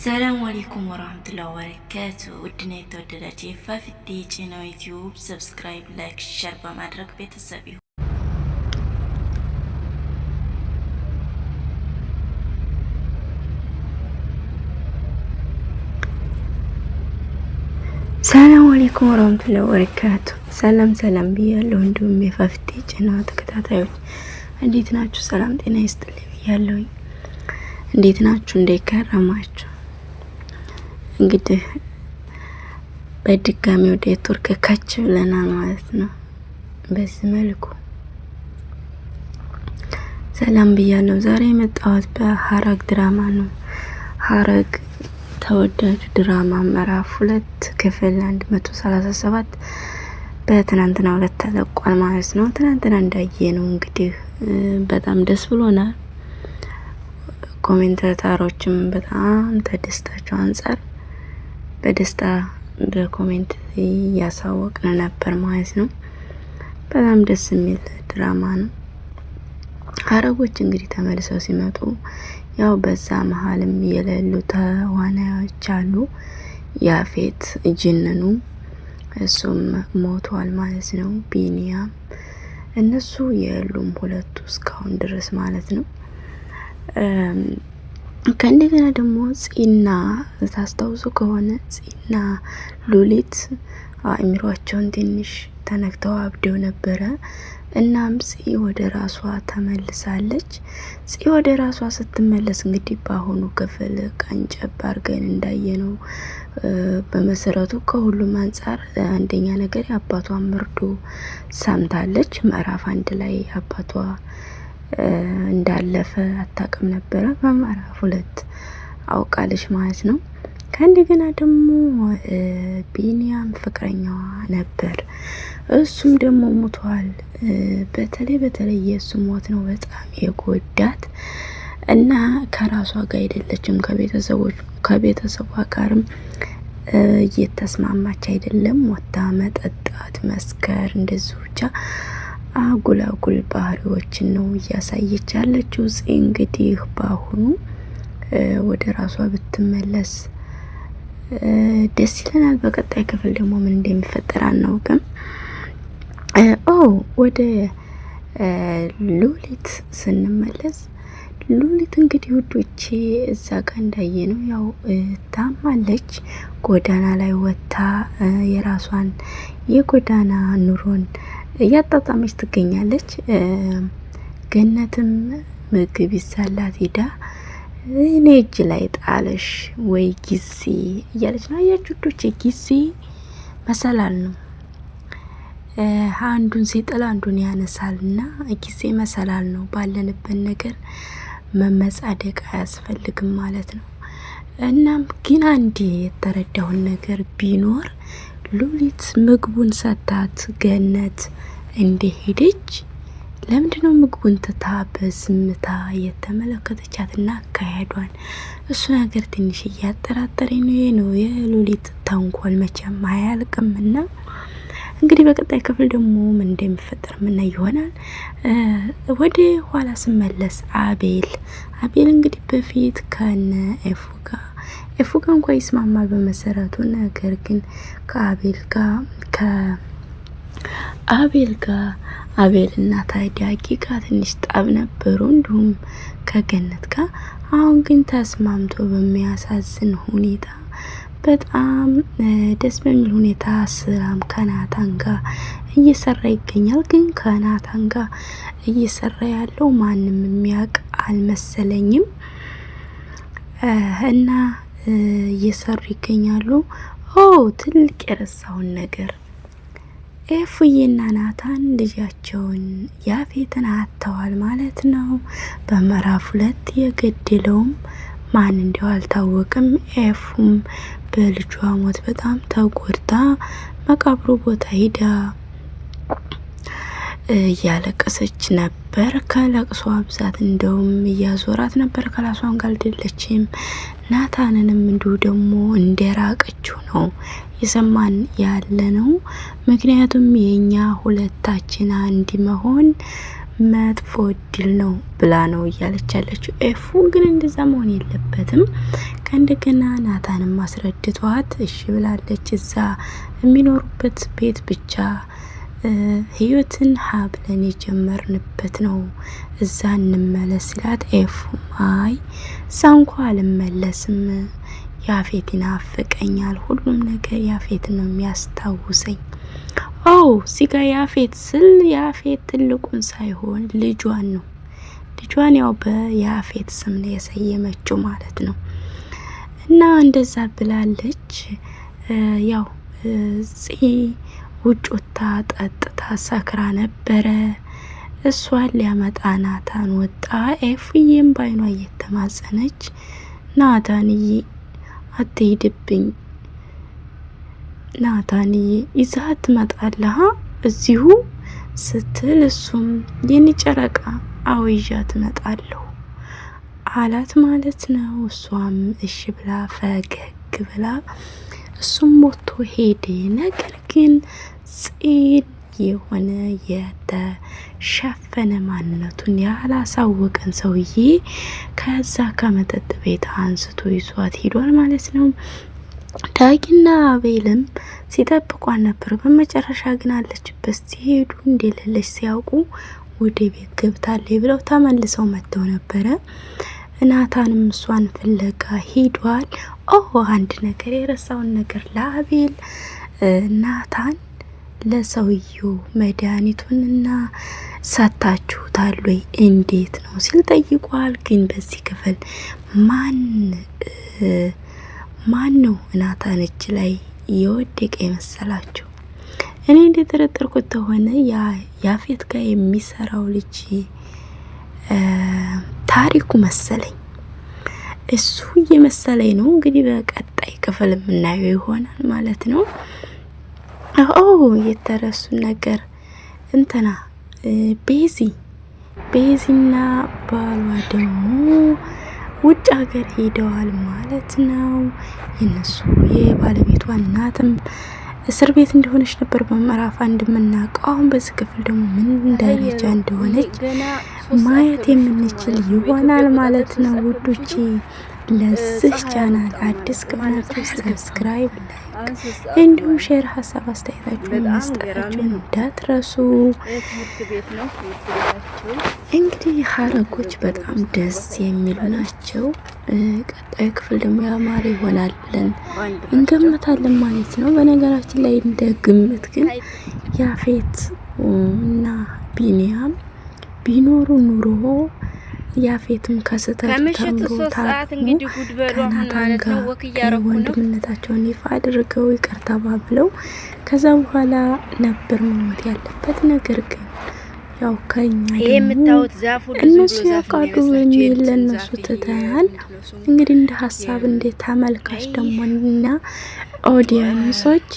ሰላም አሌይኩም ወረህመቱላ ወበረካቱ። ውድና የተወደዳችሁ የፋፊቴ ጭናው ዩቲዩብ ሰብስክራይብ፣ ላይክ፣ ሸር በማድረግ ቤተሰብ ይሁን። ሰላም አሌይኩም ወረህመቱላ ወበረካቱ። ሰላም ሰላም ብያለሁ። እንዲሁም የፋፊቴ ጭናው ተከታታዮች እንዴት ናችሁ? ሰላም ጤና ይስጥልኝ ብያለሁኝ። እንዴት ናችሁ? እንደይከረማችሁ እንግዲህ በድጋሚ ወደ ቱርክ ከች ብለናል ማለት ነው። በዚህ መልኩ ሰላም ብያለሁ። ዛሬ የመጣሁት በሀረግ ድራማ ነው። ሀረግ ተወዳጅ ድራማ ምዕራፍ ሁለት ክፍል አንድ መቶ ሰላሳ ሰባት በትናንትና ሁለት ተለቋል ማለት ነው። ትናንትና እንዳየ ነው እንግዲህ በጣም ደስ ብሎናል። ኮሜንታተሮችም በጣም ተደስታቸው አንጻር በደስታ በኮሜንት እያሳወቅን ነበር ማለት ነው። በጣም ደስ የሚል ድራማ ነው። አረቦች እንግዲህ ተመልሰው ሲመጡ ያው በዛ መሀልም የሌሉ ተዋናዮች አሉ። ያፌት ጅንኑ እሱም ሞቷል ማለት ነው። ቢኒያም እነሱ የሉም ሁለቱ እስካሁን ድረስ ማለት ነው። ከእንደገና ደግሞ ጽና ታስታውሱ ከሆነ ጽና ሉሊት አእምሯቸውን ትንሽ ተነክተው አብደው ነበረ። እናም ጽ ወደ ራሷ ተመልሳለች። ጽ ወደ ራሷ ስትመለስ እንግዲህ በአሁኑ ክፍል ቀንጨብ እንዳየ እንዳየነው በመሰረቱ ከሁሉም አንጻር አንደኛ ነገር የአባቷ ምርዶ ሰምታለች። ምዕራፍ አንድ ላይ አባቷ እንዳለፈ አታውቅም ነበረ። በምዕራፍ ሁለት አውቃለች ማለት ነው። ከእንደገና ደግሞ ቢንያም ፍቅረኛዋ ነበር፣ እሱም ደግሞ ሙቷል። በተለይ በተለይ የእሱ ሞት ነው በጣም የጎዳት እና ከራሷ ጋር አይደለችም፣ ከቤተሰቦች ከቤተሰቧ ጋርም እየተስማማች አይደለም። ወታ መጠጣት፣ መስከር እንደዚሁ ብቻ አጉላጉል ባህሪዎችን ነው እያሳየች ያለችው። ጽ እንግዲህ በአሁኑ ወደ ራሷ ብትመለስ ደስ ይለናል። በቀጣይ ክፍል ደግሞ ምን እንደሚፈጠር አናውቅም። ኦ ወደ ሉሊት ስንመለስ ሉሊት እንግዲህ ውዶቼ እዛ ጋር እንዳየ ነው ያው ታማለች። ጎዳና ላይ ወጥታ የራሷን የጎዳና ኑሮን እያጣጣመች ትገኛለች። ገነትም ምግብ ይሳላት ሄዳ እኔ እጅ ላይ ጣለሽ ወይ ጊዜ እያለች ነው። አያችሁ ዶቼ ጊዜ መሰላል ነው። አንዱን ሲጥል አንዱን ያነሳልና ጊዜ መሰላል ነው። ባለንበት ነገር መመጻደቅ አያስፈልግም ማለት ነው። እናም ግን አንዴ የተረዳሁን ነገር ቢኖር ሉሊት ምግቡን ሰታት ገነት እንደሄደች ለምንድነው ምግቡን ትታ በዝምታ የተመለከተቻትና አካሄዷን እሱ ነገር ትንሽ እያጠራጠረ ነው ነው የሉሊት ተንኮል መቼም አያልቅምና እንግዲህ በቀጣይ ክፍል ደግሞ ምን እንደሚፈጠር ምና ይሆናል። ወደ ኋላ ስመለስ አቤል አቤል እንግዲህ በፊት ከነ ኤፉ ጋር ኤፉጋ እንኳ ይስማማል በመሰረቱ። ነገር ግን ከአቤል ጋር ከአቤል ጋር አቤል እና ታዲያ ቂቃ ትንሽ ጣብ ነበሩ፣ እንዲሁም ከገነት ጋር። አሁን ግን ተስማምቶ በሚያሳዝን ሁኔታ በጣም ደስ በሚል ሁኔታ ስራም ከናታን ጋር እየሰራ ይገኛል። ግን ከናታን ጋር እየሰራ ያለው ማንም የሚያውቅ አልመሰለኝም እና እየሰሩ ይገኛሉ። ኦ ትልቅ የረሳውን ነገር ኤፉዬና ናታን ልጃቸውን ያፌትን አጥተዋል ማለት ነው። በምዕራፍ ሁለት የገደለውም ማን እንዲሁ አልታወቅም። ኤፉም በልጇ ሞት በጣም ተጎድታ መቃብሩ ቦታ ሂዳ እያለቀሰች ነበር። ከለቅሷ ብዛት እንደውም እያዞራት ነበር። ከራሷን ጋር አልደለችም። ናታንንም እንዲሁ ደግሞ እንደራቀችው ነው የሰማን ያለ ነው። ምክንያቱም የኛ ሁለታችን አንድ መሆን መጥፎ እድል ነው ብላ ነው እያለች ያለችው። ኤፉ ግን እንደዛ መሆን የለበትም ከእንደገና ናታንም አስረድቷት እሺ ብላለች። እዛ የሚኖሩበት ቤት ብቻ ህይወትን ሀብለን የጀመርንበት ነው። እዛ እንመለስ ሲላት ኤፉም አይ እዛ እንኳ አልመለስም፣ ያፌት ይናፍቀኛል። ሁሉም ነገር ያፌት ነው የሚያስታውሰኝ። ኦ ሲጋ ያፌት ስል ያፌት ትልቁን ሳይሆን ልጇን ነው። ልጇን ያው በያፌት ስም ነው የሰየመችው ማለት ነው። እና እንደዛ ብላለች ያው ውጭ ወጥታ ጠጥታ ሰክራ ነበረ። እሷን ሊያመጣ ናታን ወጣ። ኤፍዬም ባይኗ እየተማጸነች ናታንዬ አትሂድብኝ፣ ናታንዬ ይዛ ትመጣለህ እዚሁ ስትል እሱም የኔ ጨረቃ ትመጣለሁ አላት ማለት ነው። እሷም እሺ ብላ ፈገግ ብላ እሱም ሞቶ ሄደ። ነገር ግን ጽድ የሆነ የተሸፈነ ማንነቱን ያላሳወቀን ሰውዬ ከዛ ከመጠጥ ቤት አንስቶ ይዟት ሂዷል ማለት ነው። ዳጊና አቤልም ሲጠብቋን ነበር። በመጨረሻ ግን አለችበት ሲሄዱ እንደሌለች ሲያውቁ ወደ ቤት ገብታለች ብለው ተመልሰው መጥተው ነበረ። ናታንም እሷን ፍለጋ ሂዷል። ኦ አንድ ነገር የረሳውን ነገር ለአቤል ናታን ለሰውየው መድኃኒቱንና ሰታችሁታል ወይ እንዴት ነው ሲል ጠይቋል። ግን በዚህ ክፍል ማን ማን ነው እናታን እጅ ላይ የወደቀ የመሰላችሁ? እኔ እንደጠረጠርኩት ከሆነ ያፌት ጋር የሚሰራው ልጅ ታሪኩ መሰለኝ እሱ እየመሰለኝ ነው። እንግዲህ በቀጣይ ክፍል የምናየው ይሆናል ማለት ነው። አዎ የተረሱ ነገር እንትና ቤዚ ቤዚና ባሏ ደግሞ ውጭ ሀገር ሄደዋል ማለት ነው። የነሱ የባለቤቷ እናትም እስር ቤት እንደሆነች ነበር በምዕራፍ አንድ የምናውቀው። አሁን በዚህ ክፍል ደግሞ ምን ደረጃ እንደሆነች ማየት የምንችል ይሆናል ማለት ነው ውዶቼ። ለዚህ ቻናል አዲስ ከሆናችሁ ሰብስክራይብ፣ ላይክ እንዲሁም ሼር፣ ሀሳብ አስተያየታችሁን መስጠታችሁን እንዳትረሱ። እንግዲህ ሀረጎች በጣም ደስ የሚሉ ናቸው። ቀጣይ ክፍል ደግሞ ያማረ ይሆናል ብለን እንገምታለን ማለት ነው። በነገራችን ላይ እንደ ግምት ግን ያፌት እና ቢኒያም ቢኖሩ ኑሮ ያፌትም ከስተት ተምሮ ከናታን ጋር ወንድምነታቸውን ይፋ አድርገው ይቅርታ ባብለው ከዛ በኋላ ነበር መሞት ያለበት ነገር ግን ያው ከኛ እነሱ ያውቃሉ የሚል ለእነሱ ትተናል። እንግዲህ እንደ ሀሳብ እንደ ተመልካች ደግሞ እና ኦዲየንሶች